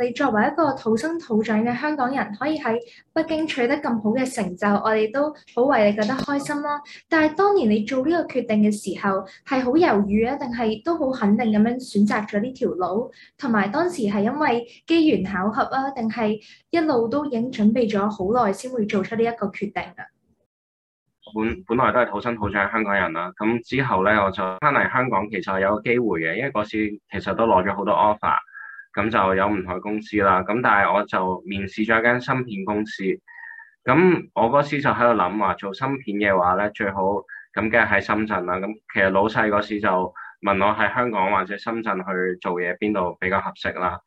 你作為一個土生土長嘅香港人，可以喺北京取得咁好嘅成就，我哋都好為你覺得開心啦。但係當年你做呢個決定嘅時候，係好猶豫啊，定係都好肯定咁樣選擇咗呢條路？同埋當時係因為機緣巧合啊，定係一路都已經準備咗好耐先會做出呢一個決定啊？本本來都係土生土長嘅香港人啦。咁之後咧，我就翻嚟香港，其實有機會嘅，因為嗰時其實都攞咗好多 offer。咁就有唔同公司啦，咁但係我就面試咗一間芯片公司，咁我嗰時就喺度諗話做芯片嘅話咧，最好咁梗係喺深圳啦，咁其實老細嗰時就問我喺香港或者深圳去做嘢邊度比較合適啦，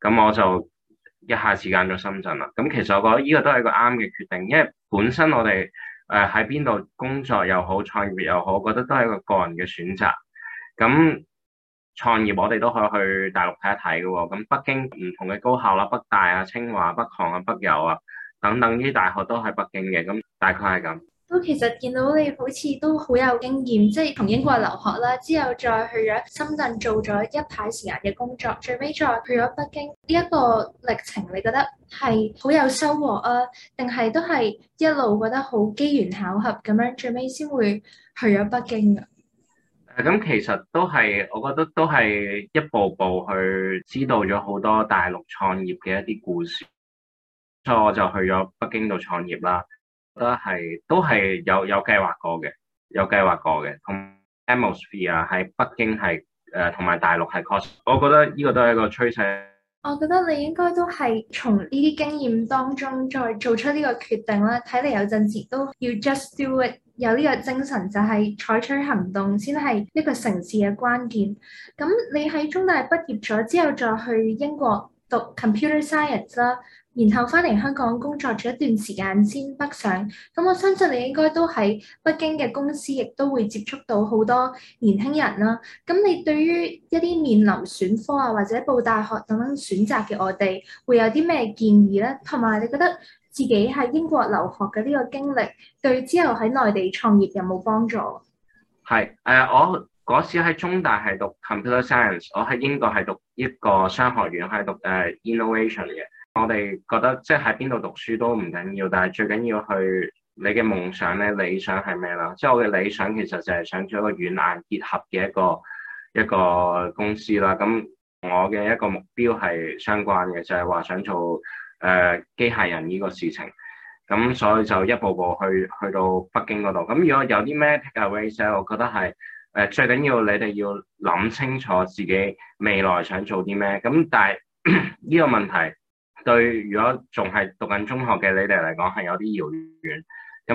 咁我就一下子揀咗深圳啦，咁其實我覺得呢個都係一個啱嘅決定，因為本身我哋誒喺邊度工作又好，創業又好，我覺得都係一個個人嘅選擇，咁。創業我哋都可以去大陸睇一睇嘅喎，咁北京唔同嘅高校啦，北大啊、清華、北航啊、北郵啊等等呢啲大學都係北京嘅，咁大概係咁。都其實見到你好似都好有經驗，即係同英國留學啦，之後再去咗深圳做咗一排時間嘅工作，最尾再去咗北京。呢一個歷程你覺得係好有收穫啊？定係都係一路覺得好機緣巧合咁樣，最尾先會去咗北京嘅？咁其實都係，我覺得都係一步步去知道咗好多大陸創業嘅一啲故事。所以我就去咗北京度創業啦。覺得係都係有有計劃過嘅，有計劃過嘅。同 Atmosphere 啊喺北京係誒，呃、同埋大陸係確實。我覺得呢個都係一個趨勢。我覺得你應該都係從呢啲經驗當中再做出呢個決定啦。睇嚟有陣時都要 just do it。有呢個精神就係、是、採取行動先係一個成事嘅關鍵。咁你喺中大畢業咗之後，再去英國讀 computer science 啦，然後翻嚟香港工作咗一段時間先北上。咁我相信你應該都喺北京嘅公司，亦都會接觸到好多年輕人啦。咁你對於一啲面臨選科啊，或者報大學等等選擇嘅我哋，會有啲咩建議呢？同埋你覺得？自己喺英國留學嘅呢個經歷，對之後喺內地創業有冇幫助？係誒、呃，我嗰時喺中大係讀 computer science，我喺英國係讀一個商學院，係讀誒、呃、innovation 嘅。我哋覺得即係喺邊度讀書都唔緊要，但係最緊要去你嘅夢想咧，理想係咩啦？即係我嘅理想其實就係想做一個軟硬結合嘅一個一個公司啦。咁我嘅一個目標係相關嘅，就係、是、話想做。誒、uh, 機械人呢個事情，咁所以就一步步去去到北京嗰度。咁如果有啲咩 take-away 我覺得係誒、呃、最緊要你哋要諗清楚自己未來想做啲咩。咁但係呢、 呢個問題對如果仲係讀緊中學嘅你哋嚟講係有啲遙遠。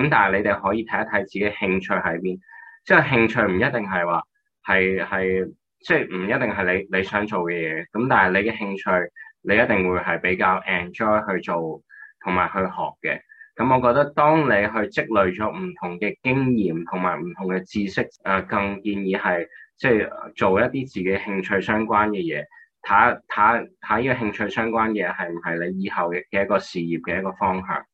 咁但係你哋可以睇一睇自己興趣喺邊。即、就、係、是、興趣唔一定係話係係，即係唔一定係你你想做嘅嘢。咁但係你嘅興趣。你一定會係比較 enjoy 去做同埋去學嘅，咁我覺得當你去積累咗唔同嘅經驗同埋唔同嘅知識，誒、呃，更建議係即係做一啲自己興趣相關嘅嘢，睇一睇睇呢個興趣相關嘅嘢係唔係你以後嘅一個事業嘅一個方向。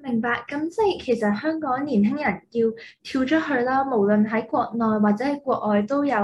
明白，咁即係其實香港年輕人要跳出去啦，無論喺國內或者喺國外都有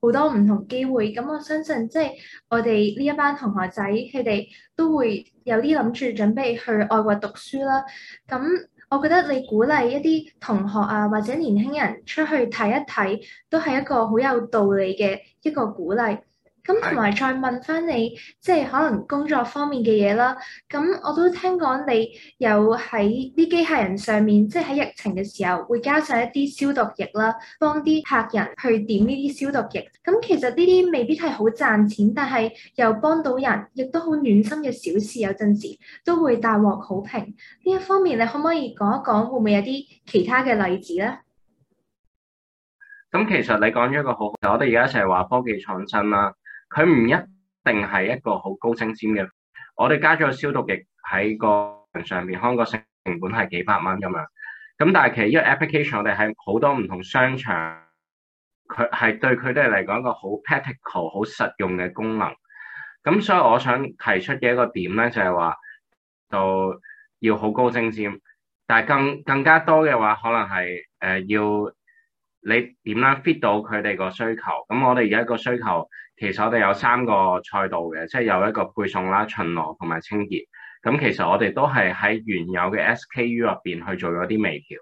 好多唔同機會。咁我相信即係我哋呢一班同學仔，佢哋都會有啲諗住準備去外國讀書啦。咁我覺得你鼓勵一啲同學啊，或者年輕人出去睇一睇，都係一個好有道理嘅一個鼓勵。咁同埋再問翻你，即係可能工作方面嘅嘢啦。咁我都聽講你有喺啲機械人上面，即係喺疫情嘅時候會加上一啲消毒液啦，幫啲客人去點呢啲消毒液。咁其實呢啲未必係好賺錢，但係又幫到人，亦都好暖心嘅小事，有事，有陣時都會大獲好評。呢一方面，你可唔可以講一講會唔會有啲其他嘅例子咧？咁其實你講咗一個好，我哋而家一齊話科技創新啦。佢唔一定係一個好高精尖嘅，我哋加咗消毒液喺個上面，睇個成成本係幾百蚊咁樣。咁但係其實呢個 application 我哋喺好多唔同商場，佢係對佢哋嚟講一個好 practical 好實用嘅功能。咁所以我想提出嘅一個點咧，就係話就要好高精尖，但係更更加多嘅話，可能係誒、呃、要你點樣 fit 到佢哋個需求。咁我哋而家個需求。其實我哋有三個賽道嘅，即係有一個配送啦、巡邏同埋清潔。咁其實我哋都係喺原有嘅 SKU 入邊去做咗啲微調，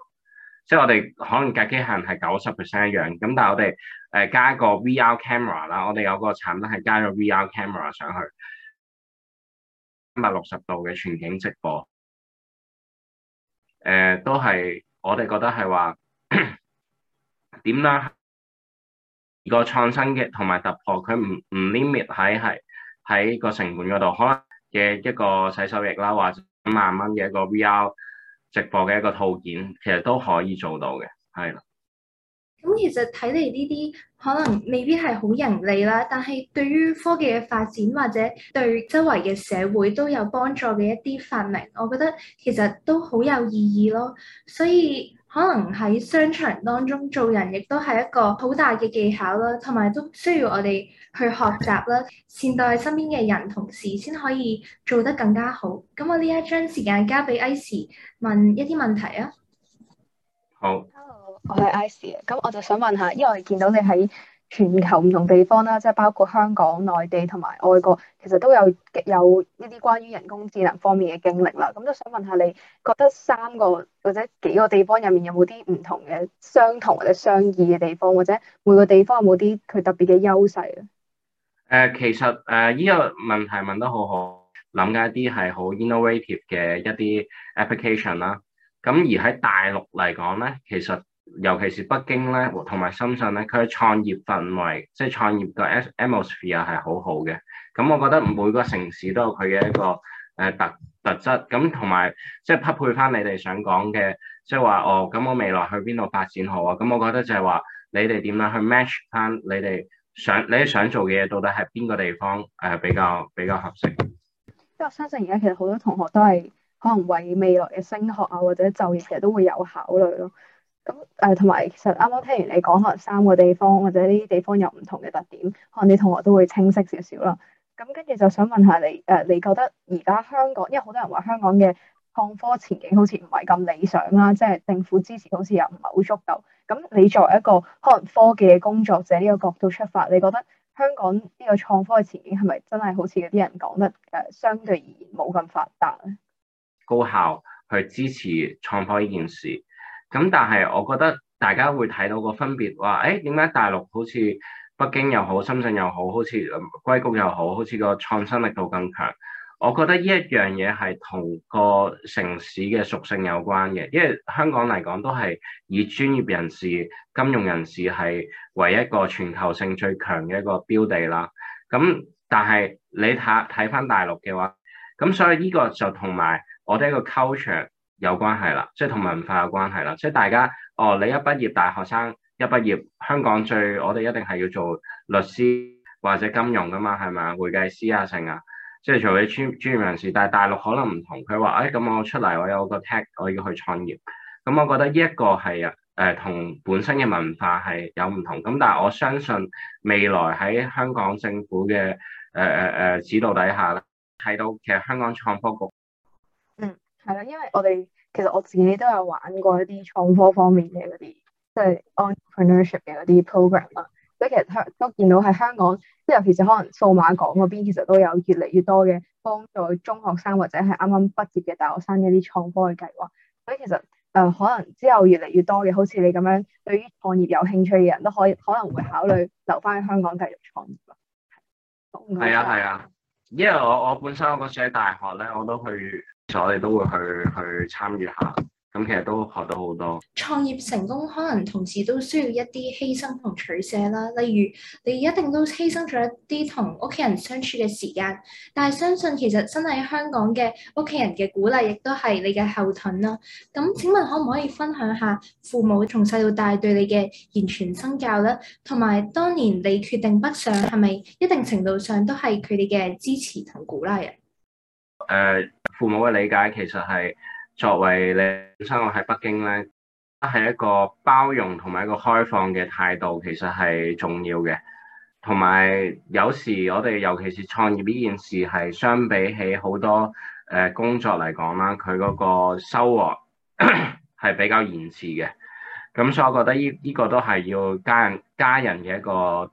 即係我哋可能架機器人係九十 percent 一樣，咁但係我哋誒加個 VR camera 啦，我哋有個產品係加咗 VR camera 上去，三百六十度嘅全景直播。誒、呃，都係我哋覺得係話點啦？ 個創新嘅同埋突破，佢唔唔 limit 喺係喺個成本嗰度，可能嘅一個洗手液啦，或者五萬蚊嘅一個 VR 直播嘅一個套件，其實都可以做到嘅，係啦。咁其實睇嚟呢啲可能未必係好盈利啦，但係對於科技嘅發展或者對周圍嘅社會都有幫助嘅一啲發明，我覺得其實都好有意義咯，所以。可能喺商場當中做人亦都係一個好大嘅技巧啦，同埋都需要我哋去學習啦，善待身邊嘅人，同事先可以做得更加好。咁我呢一張時間交俾 Icy 問一啲問題啊。好，Hello，我係 Icy，咁我就想問下，因為我係見到你喺。全球唔同地方啦，即係包括香港、內地同埋外國，其實都有有呢啲關於人工智能方面嘅經歷啦。咁都想問下你，覺得三個或者幾個地方入面有冇啲唔同嘅相同或者相異嘅地方，或者每個地方有冇啲佢特別嘅優勢咧？誒、呃，其實誒依、呃呢個問題問得好好，諗緊一啲係好 innovative 嘅一啲 application 啦、啊。咁而喺大陸嚟講咧，其實～尤其是北京咧，同埋深圳咧，佢嘅創業氛圍，即係創業個 at atmosphere 又係好好嘅。咁、嗯、我覺得每個城市都有佢嘅一個誒、呃、特特質。咁同埋即係匹配翻你哋想講嘅，即係話哦，咁我未來去邊度發展好啊？咁、嗯、我覺得就係話你哋點樣去 match 翻你哋想你想做嘅嘢，到底係邊個地方誒比較、呃、比較比較合適？因為我相信而家其實好多同學都係可能為未來嘅升學啊，或者就業，其實都會有考慮咯。咁誒，同埋、嗯、其實啱啱聽完你講，可能三個地方或者呢啲地方有唔同嘅特點，可能你同學都會清晰少少啦。咁跟住就想問下你，誒、呃，你覺得而家香港，因為好多人話香港嘅創科前景好似唔係咁理想啦，即、就、係、是、政府支持好似又唔係好足夠。咁你作為一個可能科技嘅工作者呢個角度出發，你覺得香港呢個創科嘅前景係咪真係好似啲人講得誒相對而言冇咁發達咧？高校去支持創科呢件事。咁但係，我覺得大家會睇到個分別，話誒點解大陸好似北京又好、深圳又好，好似硅谷又好，好似個創新力度更強。我覺得呢一樣嘢係同個城市嘅屬性有關嘅，因為香港嚟講都係以專業人士、金融人士係唯一個全球性最強嘅一個標地啦。咁但係你睇睇返大陸嘅話，咁所以呢個就同埋我哋一個 culture 有關係啦，即係同文化有關係啦。即係大家哦，你一畢業大學生一畢業，香港最我哋一定係要做律師或者金融㗎嘛，係咪啊？會計師啊，成啊，即係做啲專專業人士。但係大陸可能唔同，佢話誒咁，哎，我出嚟我有個 tech，我要去創業。咁我覺得呢一個係誒同本身嘅文化係有唔同。咁但係我相信未來喺香港政府嘅誒誒誒指導底下啦，睇到其實香港創科局嗯係啦，因為我哋。其實我自己都有玩過一啲創科方面嘅嗰啲，即係 entrepreneurship 嘅嗰啲 program 啦。所以其實香都見到喺香港，即尤其是可能數碼港嗰邊，其實都有越嚟越多嘅幫助中學生或者係啱啱畢業嘅大學生嘅一啲創科嘅計劃。所以其實誒，可能之後越嚟越多嘅，好似你咁樣對於創業有興趣嘅人都可以可能會考慮留翻喺香港繼續創業咯。係啊，係啊，因為我我本身我嗰時喺大學咧，我都去。我哋都會去去參與下，咁其實都學到好多。創業成功可能同時都需要一啲犧牲同取捨啦，例如你一定都犧牲咗一啲同屋企人相處嘅時間。但係相信其實身喺香港嘅屋企人嘅鼓勵，亦都係你嘅後盾啦。咁請問可唔可以分享下父母從細到大對你嘅言傳身教咧？同埋當年你決定北上，係咪一定程度上都係佢哋嘅支持同鼓勵啊？誒。Uh, 父母嘅理解其實係作為你生活喺北京咧，係一個包容同埋一個開放嘅態度，其實係重要嘅。同埋有，有時我哋尤其是創業呢件事係相比起好多誒工作嚟講啦，佢嗰個收穫係 比較延遲嘅。咁所以我覺得呢呢個都係要家人家人嘅一個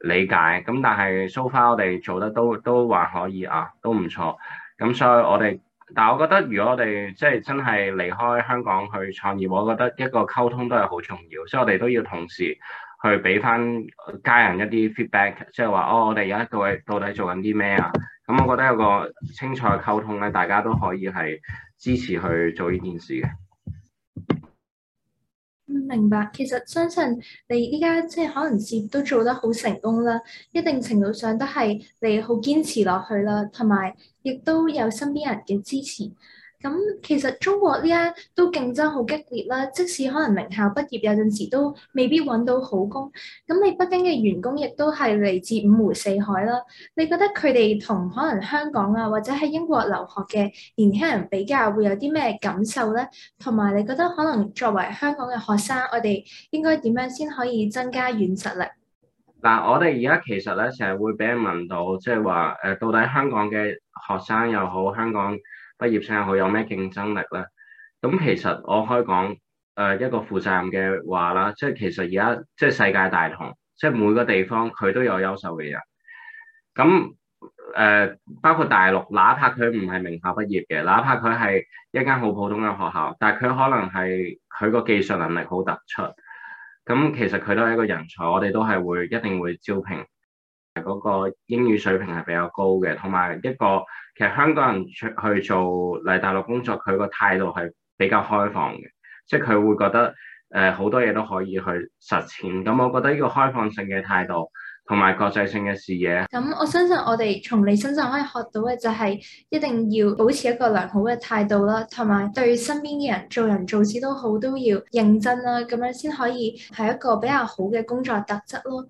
理解。咁但係 so far 我哋做得都都還可以啊，都唔錯。咁、嗯、所以我哋，但係我覺得，如果我哋即係真係離開香港去創業，我覺得一個溝通都係好重要，所以我哋都要同時去俾翻家人一啲 feedback，即係話哦，我哋而家到底到底做緊啲咩啊？咁、嗯、我覺得有個清楚嘅溝通咧，大家都可以係支持去做呢件事嘅。明白。其實相信你依家即係可能事業都做得好成功啦，一定程度上都係你好堅持落去啦，同埋亦都有身邊人嘅支持。咁其實中國呢家都競爭好激烈啦，即使可能名校畢業有陣時都未必揾到好工。咁你北京嘅員工亦都係嚟自五湖四海啦。你覺得佢哋同可能香港啊或者喺英國留學嘅年輕人比較，會有啲咩感受咧？同埋你覺得可能作為香港嘅學生，我哋應該點樣先可以增加軟實力？嗱，我哋而家其實咧成日會俾人問到，即係話誒，到底香港嘅學生又好，香港，畢業生好有咩競爭力咧？咁其實我可以講誒、呃、一個負責任嘅話啦，即係其實而家即係世界大同，即係每個地方佢都有優秀嘅人。咁誒、呃，包括大陸，哪怕佢唔係名校畢業嘅，哪怕佢係一間好普通嘅學校，但係佢可能係佢個技術能力好突出。咁其實佢都係一個人才，我哋都係會一定會招聘，嗰、那個英語水平係比較高嘅，同埋一個。其實香港人出去做嚟大陸工作，佢個態度係比較開放嘅，即係佢會覺得誒、呃、好多嘢都可以去實踐。咁、嗯、我覺得呢個開放性嘅態度同埋國際性嘅視野。咁我相信我哋從你身上可以學到嘅就係一定要保持一個良好嘅態度啦，同埋對身邊嘅人做人做事都好都要認真啦、啊，咁樣先可以係一個比較好嘅工作特質咯。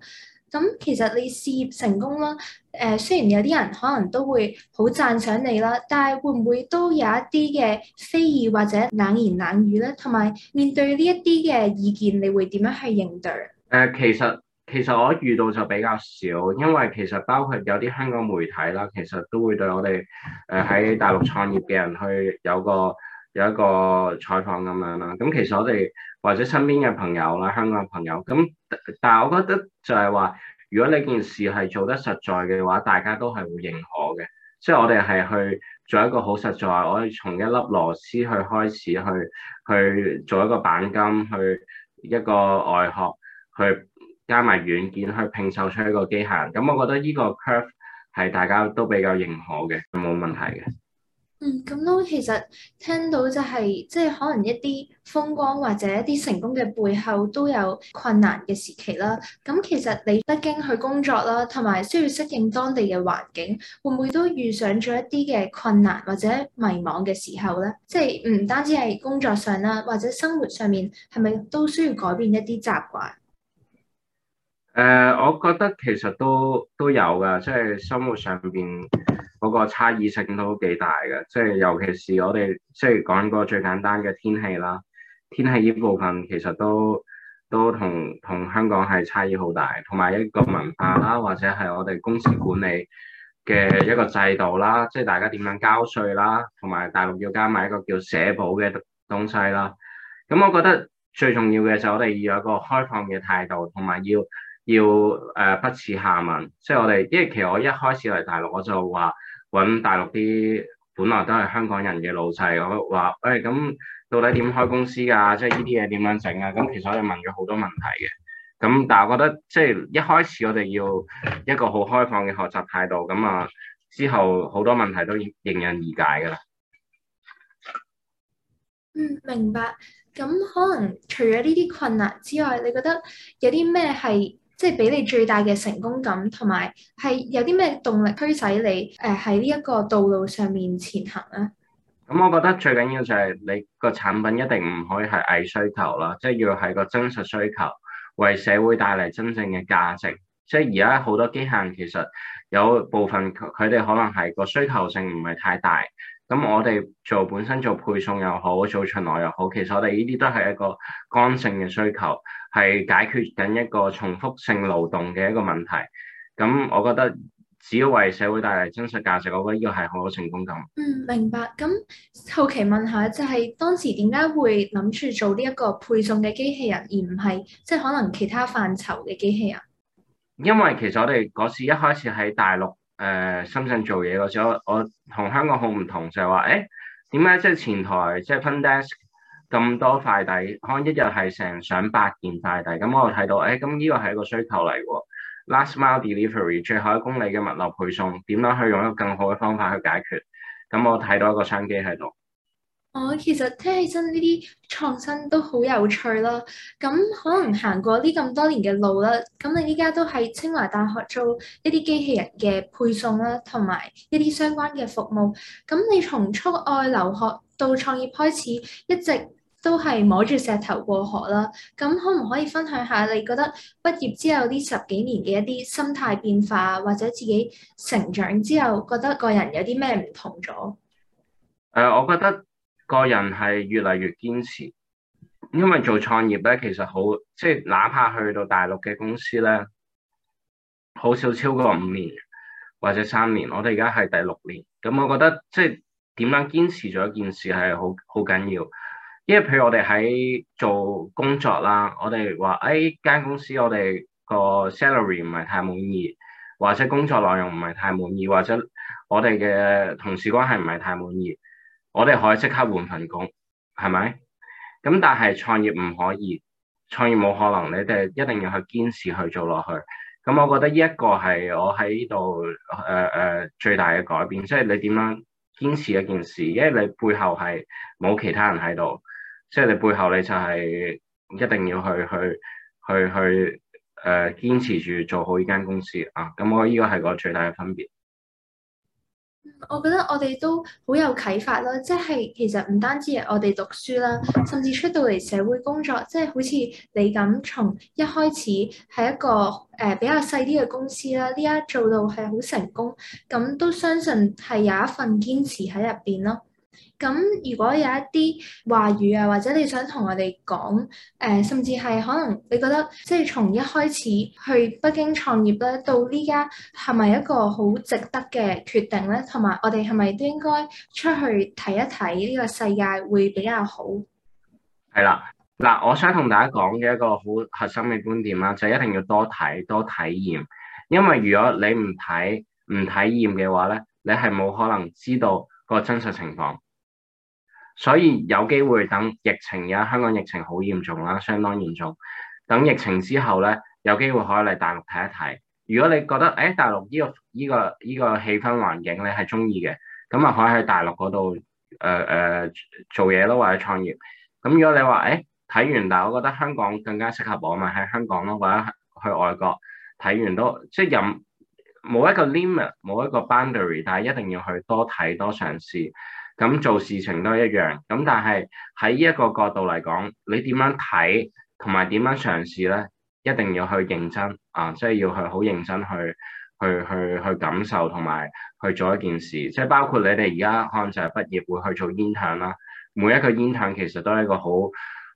咁其實你事業成功啦，誒雖然有啲人可能都會好讚賞你啦，但係會唔會都有一啲嘅非議或者冷言冷語呢？同埋面對呢一啲嘅意見，你會點樣去應對？誒，其實其實我遇到就比較少，因為其實包括有啲香港媒體啦，其實都會對我哋誒喺大陸創業嘅人去有個。有一個採訪咁樣啦，咁其實我哋或者身邊嘅朋友啦，香港嘅朋友，咁但係我覺得就係話，如果你件事係做得實在嘅話，大家都係會認可嘅。即係我哋係去做一個好實在，我哋從一粒螺絲去開始，去去做一個板金，去一個外殼，去加埋軟件，去拼湊出一個機械人。咁我覺得呢個 curve 係大家都比較認可嘅，冇問題嘅。嗯，咁咯，其實聽到就係即係可能一啲風光或者一啲成功嘅背後都有困難嘅時期啦。咁其實你北京去工作啦，同埋需要適應當地嘅環境，會唔會都遇上咗一啲嘅困難或者迷茫嘅時候咧？即係唔單止係工作上啦，或者生活上面，係咪都需要改變一啲習慣？誒、呃，我覺得其實都都有㗎，即係生活上面。嗰個差異性都幾大嘅，即係尤其是我哋即係講個最簡單嘅天氣啦，天氣呢部分其實都都同同香港係差異好大，同埋一個文化啦，或者係我哋公司管理嘅一個制度啦，即係大家點樣交稅啦，同埋大陸要加埋一個叫社保嘅東西啦。咁我覺得最重要嘅就係我哋要有一個開放嘅態度，同埋要。要誒、呃、不恥下問，即係我哋，因為其實我一開始嚟大陸，我就話揾大陸啲本來都係香港人嘅老細，我話誒咁到底點開公司㗎？即係呢啲嘢點樣整啊？咁其實我哋問咗好多問題嘅，咁但係我覺得即係一開始我哋要一個好開放嘅學習態度，咁啊之後好多問題都迎刃而解噶啦。嗯，明白。咁可能除咗呢啲困難之外，你覺得有啲咩係？即係俾你最大嘅成功感，同埋係有啲咩動力驅使你誒喺呢一個道路上面前行咧？咁，嗯，我覺得最緊要就係你個產品一定唔可以係偽需求啦，即係要係個真實需求，為社會帶嚟真正嘅價值。即係而家好多機械其實有部分佢佢哋可能係個需求性唔係太大。咁我哋做本身做配送又好，做巡邏又好，其實我哋呢啲都係一個剛性嘅需求，係解決緊一個重複性勞動嘅一個問題。咁我覺得只要為社會帶嚟真實價值，我覺得呢個係好有成功感。嗯，明白。咁後期問下，就係當時點解會諗住做呢一個配送嘅機器人，而唔係即係可能其他範疇嘅機器人？因為其實我哋嗰時一開始喺大陸。誒、uh, 深圳做嘢嗰時候，我我同香港好唔同，就係話，誒點解即係前台即係 front desk 咁多快遞，可能一日係成上百件快遞，咁我睇到，誒咁呢個係一個需求嚟喎，last mile delivery 最後一公里嘅物流配送，點樣去用一個更好嘅方法去解決？咁我睇到一個商機喺度。我、哦、其實聽起身呢啲創新都好有趣啦，咁可能行過呢咁多年嘅路啦，咁你依家都喺清華大學做一啲機器人嘅配送啦，同埋一啲相關嘅服務。咁你從出外留學到創業開始，一直都係摸住石頭過河啦。咁可唔可以分享下你覺得畢業之後呢十幾年嘅一啲心態變化，或者自己成長之後覺得個人有啲咩唔同咗？誒、啊，我覺得。個人係越嚟越堅持，因為做創業咧，其實好，即係，哪怕去到大陸嘅公司咧，好少超過五年或者三年。我哋而家係第六年，咁我覺得即係點樣堅持咗一件事係好好緊要。因為譬如我哋喺做工作啦，我哋話誒，間公司我哋個 salary 唔係太滿意，或者工作內容唔係太滿意，或者我哋嘅同事關係唔係太滿意。我哋可以即刻換份工，係咪？咁但係創業唔可以，創業冇可能，你哋一定要去堅持去做落去。咁我覺得呢一個係我喺呢度誒誒最大嘅改變，即係你點樣堅持一件事，因為你背後係冇其他人喺度，即係你背後你就係一定要去去去去誒堅持住做好呢間公司啊！咁我呢個係個最大嘅分別。我覺得我哋都好有啟發啦，即係其實唔單止係我哋讀書啦，甚至出到嚟社會工作，即係好似你咁，從一開始係一個誒、呃、比較細啲嘅公司啦，呢一做到係好成功，咁都相信係有一份堅持喺入邊咯。咁如果有一啲話語啊，或者你想同我哋講誒，甚至係可能你覺得即係從一開始去北京創業咧，到呢家係咪一個好值得嘅決定咧？同埋我哋係咪都應該出去睇一睇呢個世界會比較好？係啦，嗱，我想同大家講嘅一個好核心嘅觀點啦，就係一定要多睇多體驗，因為如果你唔睇唔體驗嘅話咧，你係冇可能知道個真實情況，所以有機會等疫情，而家香港疫情好嚴重啦，相當嚴重。等疫情之後咧，有機會可以嚟大陸睇一睇。如果你覺得誒大陸依個依個依個氣氛環境你係中意嘅，咁啊可以喺大陸嗰度誒誒做嘢咯，或者創業。咁如果你話誒睇完，但係我覺得香港更加適合我嘛，喺香港咯，或者去外國睇完都即係任。冇一個 limit，冇一個 boundary，但係一定要去多睇多嘗試。咁做事情都一樣。咁但係喺呢一個角度嚟講，你點樣睇同埋點樣嘗試呢？一定要去認真啊，即係要去好認真去去去去，去感受同埋去做一件事。即係包括你哋而家可能就係畢業會去做 intern 啦。每一個 intern 其實都係一個好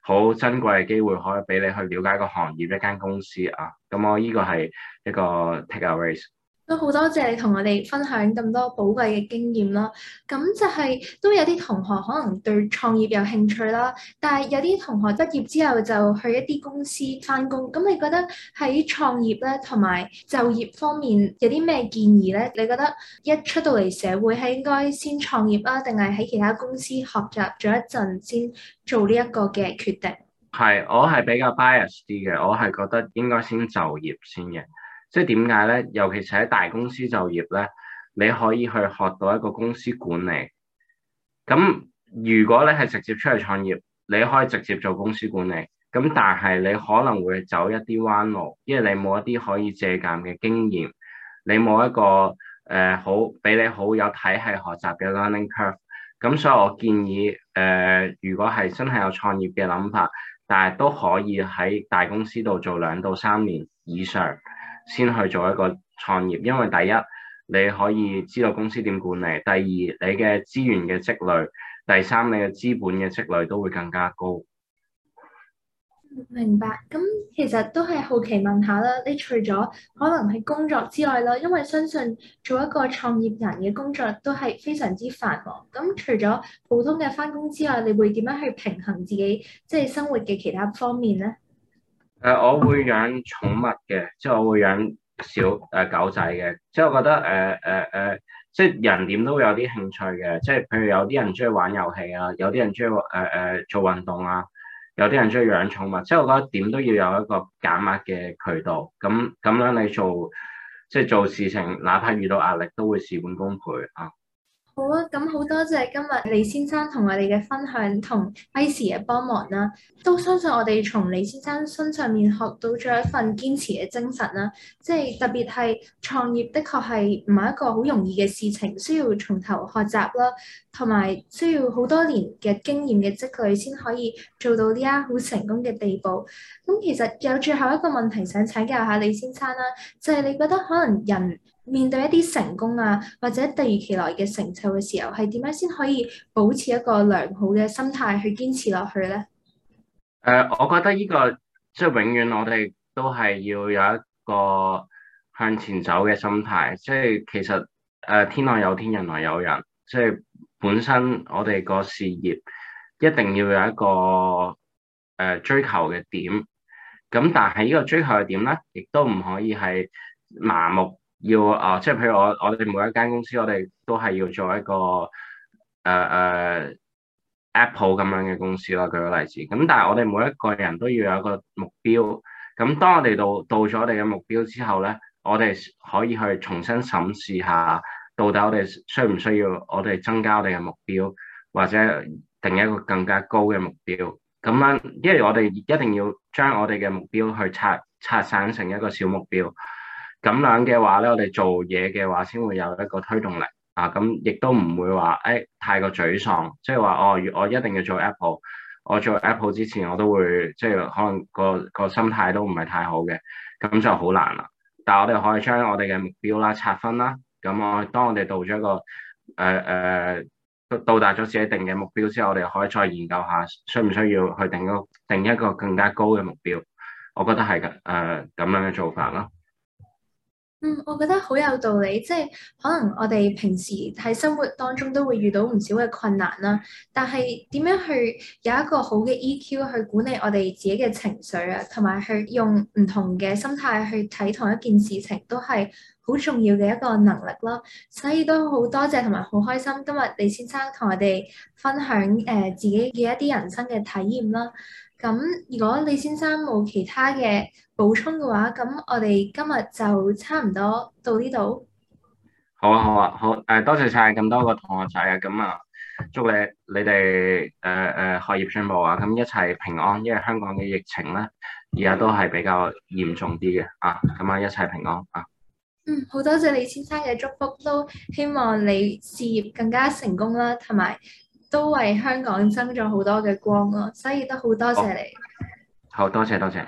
好珍貴嘅機會，可以俾你去了解個行業一間公司啊。咁我呢個係一個 take away。都好多謝你同我哋分享咁多寶貴嘅經驗啦。咁就係，都有啲同學可能對創業有興趣啦，但係有啲同學畢業之後就去一啲公司翻工。咁你覺得喺創業咧同埋就業方面有啲咩建議咧？你覺得一出到嚟社會係應該先創業啊，定係喺其他公司學習咗一陣先做呢一個嘅決定？係，我係比較 bias 啲嘅，我係覺得應該先就業先嘅。即係點解咧？尤其是喺大公司就業咧，你可以去學到一個公司管理。咁如果你係直接出去創業，你可以直接做公司管理。咁但係你可能會走一啲彎路，因為你冇一啲可以借鑑嘅經驗，你冇一個誒、呃、好俾你好有體系學習嘅 learning curve。咁所以我建議誒、呃，如果係真係有創業嘅諗法，但係都可以喺大公司度做兩到三年以上。先去做一個創業，因為第一你可以知道公司點管理，第二你嘅資源嘅積累，第三你嘅資本嘅積累都會更加高。明白，咁其實都係好奇問下啦。你除咗可能係工作之外咯，因為相信做一個創業人嘅工作都係非常之繁忙。咁除咗普通嘅翻工之外，你會點樣去平衡自己即係生活嘅其他方面呢？誒、呃，我會養寵物嘅，即係我會養小誒、呃、狗仔嘅，即係我覺得誒誒誒，即係人點都會有啲興趣嘅，即係譬如有啲人中意玩遊戲啦、啊，有啲人中意誒誒做運動啊，有啲人中意養寵物，即係我覺得點都要有一個減壓嘅渠道，咁咁樣你做即係做事情，哪怕遇到壓力都會事半功倍啊。好啊，咁好多謝今日李先生同我哋嘅分享同 Icy 嘅幫忙啦、啊，都相信我哋從李先生身上面學到咗一份堅持嘅精神啦、啊。即係特別係創業，的確係唔係一個好容易嘅事情，需要從頭學習啦、啊，同埋需要好多年嘅經驗嘅積累先可以做到呢一好成功嘅地步。咁、嗯、其實有最後一個問題想請教下李先生啦、啊，就係、是、你覺得可能人面對一啲成功啊，或者突如其來嘅成就嘅時候，係點樣先可以保持一個良好嘅心態去堅持落去咧？誒、呃，我覺得呢、呢個即係、就是、永遠，我哋都係要有一個向前走嘅心態。即、就、係、是、其實誒、呃，天外有天，人外有人。即、就、係、是、本身我哋個事業一定要有一個誒、呃、追求嘅點。咁但係呢個追求嘅點咧，亦都唔可以係麻木。要啊、呃，即係譬如我我哋每一間公司，我哋都係要做一個誒誒、呃啊、Apple 咁樣嘅公司啦，舉個例子。咁但係我哋每一個人都要有一個目標。咁當我哋到到咗我哋嘅目標之後咧，我哋可以去重新審視下，到底我哋需唔需要我哋增加我哋嘅目標，或者定一個更加高嘅目標。咁樣因為我哋一定要將我哋嘅目標去拆拆散成一個小目標。咁樣嘅話咧，我哋做嘢嘅話，先會有一個推動力啊。咁亦都唔會話誒、哎、太過沮喪，即係話哦，我一定要做 Apple，我做 Apple 之前我都會即係可能個個心態都唔係太好嘅，咁就好難啦。但係我哋可以將我哋嘅目標啦拆分啦。咁、啊、我當我哋到咗一個誒誒、呃、到達咗自己定嘅目標之後，我哋可以再研究下需唔需要去定一個定一個更加高嘅目標。我覺得係咁誒咁樣嘅做法咯。嗯，我覺得好有道理，即係可能我哋平時喺生活當中都會遇到唔少嘅困難啦。但係點樣去有一個好嘅 EQ 去管理我哋自己嘅情緒啊，同埋去用唔同嘅心態去睇同一件事情，都係好重要嘅一個能力咯。所以都好多謝同埋好開心今日李先生同我哋分享誒、呃、自己嘅一啲人生嘅體驗啦。咁如果李先生冇其他嘅補充嘅話，咁我哋今日就差唔多到呢度，啊。好啊好啊好，誒多謝晒咁多個同學仔啊！咁啊，祝你你哋誒誒學業進步啊！咁，啊，一齊平安，因為香港嘅疫情咧，而家都係比較嚴重啲嘅啊！咁啊，一齊平安啊！嗯，好多謝李先生嘅祝福，都希望你事業更加成功啦，同，啊，埋～都為香港爭咗好多嘅光咯，所以都好多謝你。好多謝多謝。多謝。